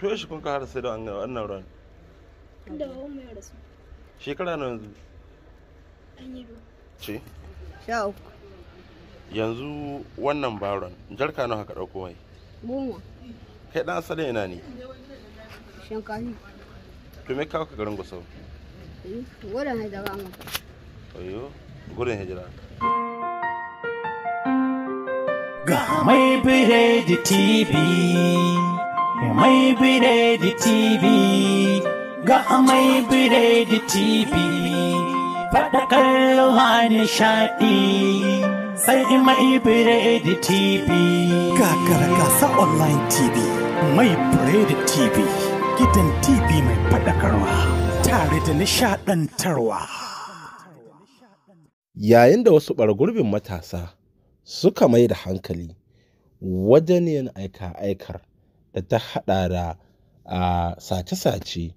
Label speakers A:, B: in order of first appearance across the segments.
A: to yaushe kun ka sai da wannan ran
B: inda baban mu ya rasu
A: shekara na yanzu an yi ba ce sha uku yanzu wannan baron jarka na haka dauko mai goma kai dan asalin ina ne shinkani to me ka ka garin gusau
B: wurin hmm? hijira mu
A: ayo gurin hijira
B: ga mai biredi tv Mai Biredi TV ga Mai Biredi TV faɗakar ruwa nishaɗi sai Mai Biredi TV. Kakara gasa online TV Mai Biredi TV gidan TV mai faɗakarwa tare da nishaɗantarwa. Yayin da wasu ɓargurbin matasa suka mai da hankali wajen yin aika-aikar. da ta haɗa da a sace-sace,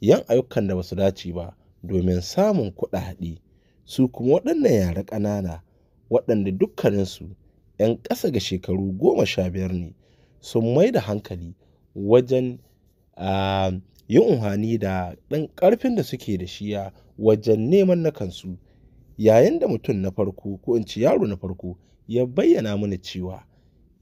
B: yan ayyukan da ba su dace ba domin samun kuɗaɗe, su kuma waɗannan yare ƙanana waɗanda dukkaninsu 'yan ƙasa ga shekaru goma sha biyar ne sun mai da hankali wajen yin unhwani da ɗan ƙarfin da suke da shi wajen neman na kansu yayin da mutum na farko ko in ci yaro na farko ya bayyana mana cewa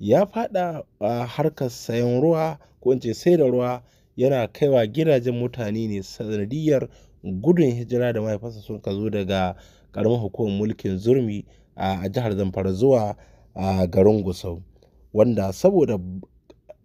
B: ya fada a harkar sayan ruwa ko in ce sai da ruwa yana kaiwa gidajen mutane ne sanadiyar gudun hijira da mahaifarsa sun ka zo daga karamin hukumar mulkin zurmi a jihar zamfara zuwa a garin gusau wanda saboda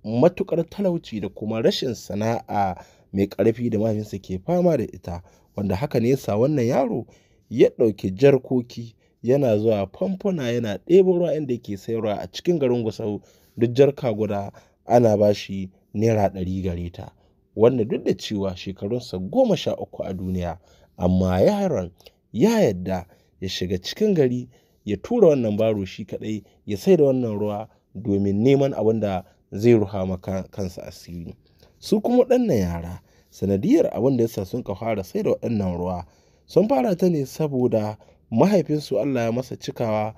B: matukar talauci da kuma rashin sana'a mai karfi da mahaifinsa ke fama da ita wanda haka ne sa wannan yaro ya ɗauki jarkoki yana zuwa famfuna yana ɗebo ruwa inda yake sayarwa a cikin garin Gusau duk jarka guda ana ba shi naira ɗari gare ta wanda duk da cewa shekarunsa goma sha uku a duniya amma yaron ya yadda ya shiga cikin gari ya tura wannan baro shi kaɗai ya sai da wannan ruwa domin neman abin da zai ruha maka kansa asiri su kuma waɗannan yara sanadiyar abin da yasa sun ka fara sai da waɗannan ruwa sun fara ta ne saboda mahaifinsu Allah ya masa cikawa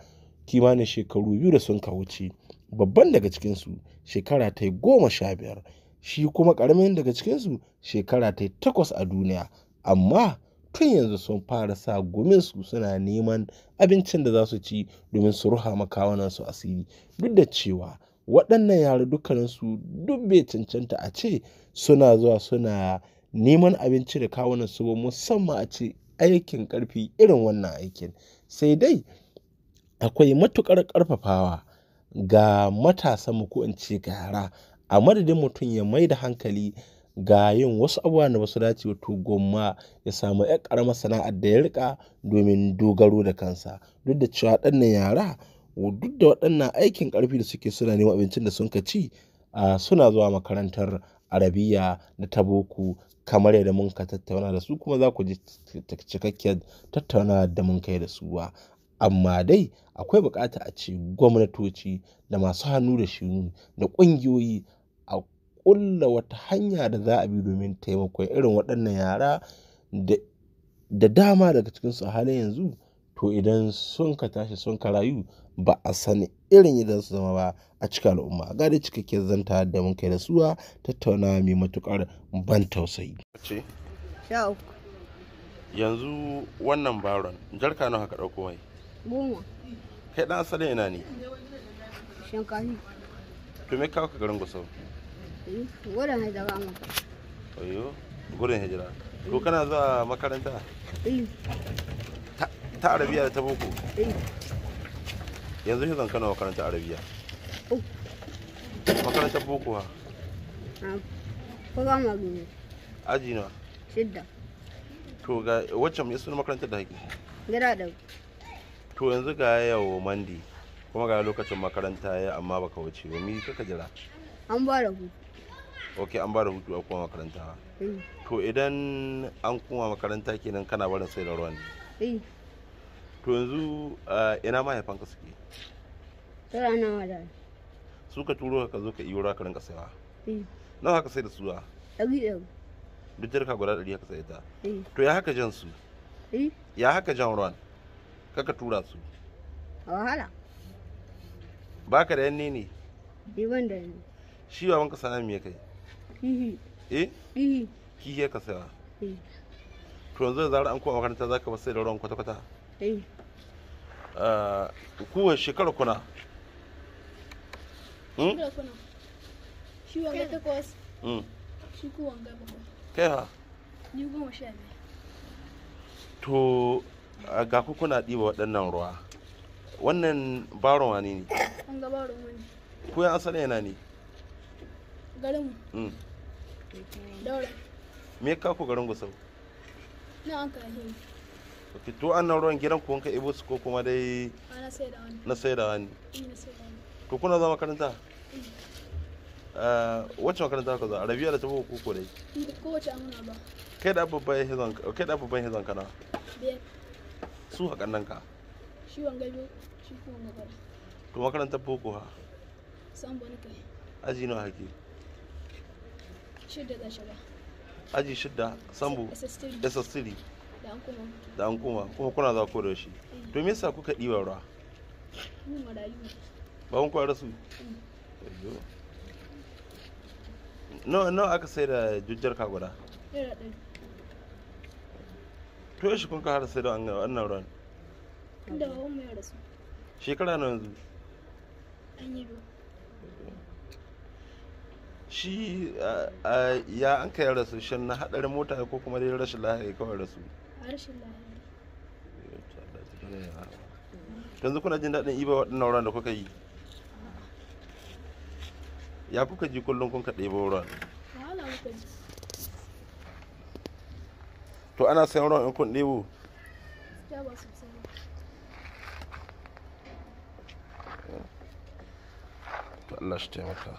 B: kimanin shekaru biyu da sun ka wuce babban daga cikinsu shekara ta goma sha biyar shi kuma ƙaramin daga cikinsu shekara ta takwas a duniya amma tun yanzu sun fara sa guminsu suna neman abincin da za su ci domin su ruha makawunansu asiri duk da cewa waɗannan yara dukkaninsu duk bai cancanta a ce suna zuwa suna neman abinci da kawunan su ba musamman a ce aikin ƙarfi irin wannan aikin. Sai dai akwai matuƙar ƙarfafawa ga matasa ko in ce ga yara a madadin mutum ya mai da hankali ga yin wasu abubuwan da basu dace wato goma ya samu ya ƙaramar sana'ar da ya rika domin dogaro da kansa. Duk da cewa ɗannan yara duk da waɗannan aikin ƙarfi da suke suna neman abincin da sun ka ci, suna zuwa makarantar arabiya na ta boko kamar yadda mun ka tattauna da su kuma za ku ji cikakkiyar tattauna da mun kai da su ba amma dai akwai bukata a ce gwamnatoci da masu hannu da shinu da ƙungiyoyi a ƙulla wata hanya da za a bi domin taimakon irin waɗannan yara da dama daga cikinsu a halin yanzu to idan sun ka tashi sun ka rayu ba a sani irin idan su zama ba a cikin al'umma ga da cikakken zanta da mun kai da suwa tattaunawa mai matukar ban tausayi.
A: yanzu wannan baron jarka nawa haka ɗauko mai goma kai ɗan asalin ina ne shinkafi to me kawo ka garin gusau
B: gudun eh, hijira ma
A: oyo gurin hijira to kana zuwa makaranta eh. ta arabiya da ta boko yanzu shi zankana makarantar arabiya makarantar boko ha ne aji na shidda to ga wacce mai suna makarantar da haƙi gida da to yanzu ga yau mandi kuma ga lokacin makaranta ya amma baka wuce ba mi kaka jira an ba da hutu ok an ba da hutu a kuma makaranta eh. to idan an kuma makaranta kenan kana barin sai da ruwan ne eh. to yanzu ina mahaifanka suke
B: suna wada
A: su suka turo ka zo ka iyo ka rinka sayawa eh. nawa haka sai da suwa ɗari ɗari duk jirka guda ɗari haka sai ta eh. to ya haka jan su eh. ya haka jan ruwan kaka tura su a wahala ba ka da yanne ne ban wanda ne shi baban ka sana me kai kihi eh kihi ka to yanzu da zarar an kuma makaranta zaka ba sai da ruwan kwata-kwata Eh. Eh, kuwa shekara hmm? kuna
B: shi wanga takwas hmm. shi ku wanga bakwai kai ha ni goma sha
A: to ga ku kuna waɗannan ruwa wannan baron wani ne
B: an ga baron wani
A: ku asali yana ne garin hmm. daura me ka ku garin gusau na an ok to annan ruwan gidan ku ka ibo su ko kuma dai na sai da wani to kuna zama makaranta eh, wacce makaranta ka zo arabiya da ta boko ko dai
B: wacce amana ba
A: kai da babban hizon kai da babban kana biyar su hakan nan ka
B: shi wanga biyu shi kuma magana
A: to makaranta boko ha
B: san bani kai
A: aji nawa hake
B: shidda da shaba.
A: aji shidda sambo ss3 da an koma kuma kuna za ku da shi to me kuka ɗiba ruwa ba kun kwara su nawa nawa aka sai da jujjar ka guda to shi kun ka har sai da wannan ruwan
B: da baban mu ya rasu
A: shekara na yanzu an yi shi ya an kai rasu shan na hadarin mota ko kuma dai rashin lahari kawai rasu yanzu kuna jin daɗin iba waɗannan wuran da kuka yi ya kuka ji kullum kun ka ba wuran to ana sayan ruwan in kun ɗebo
B: to Allah shi taimaka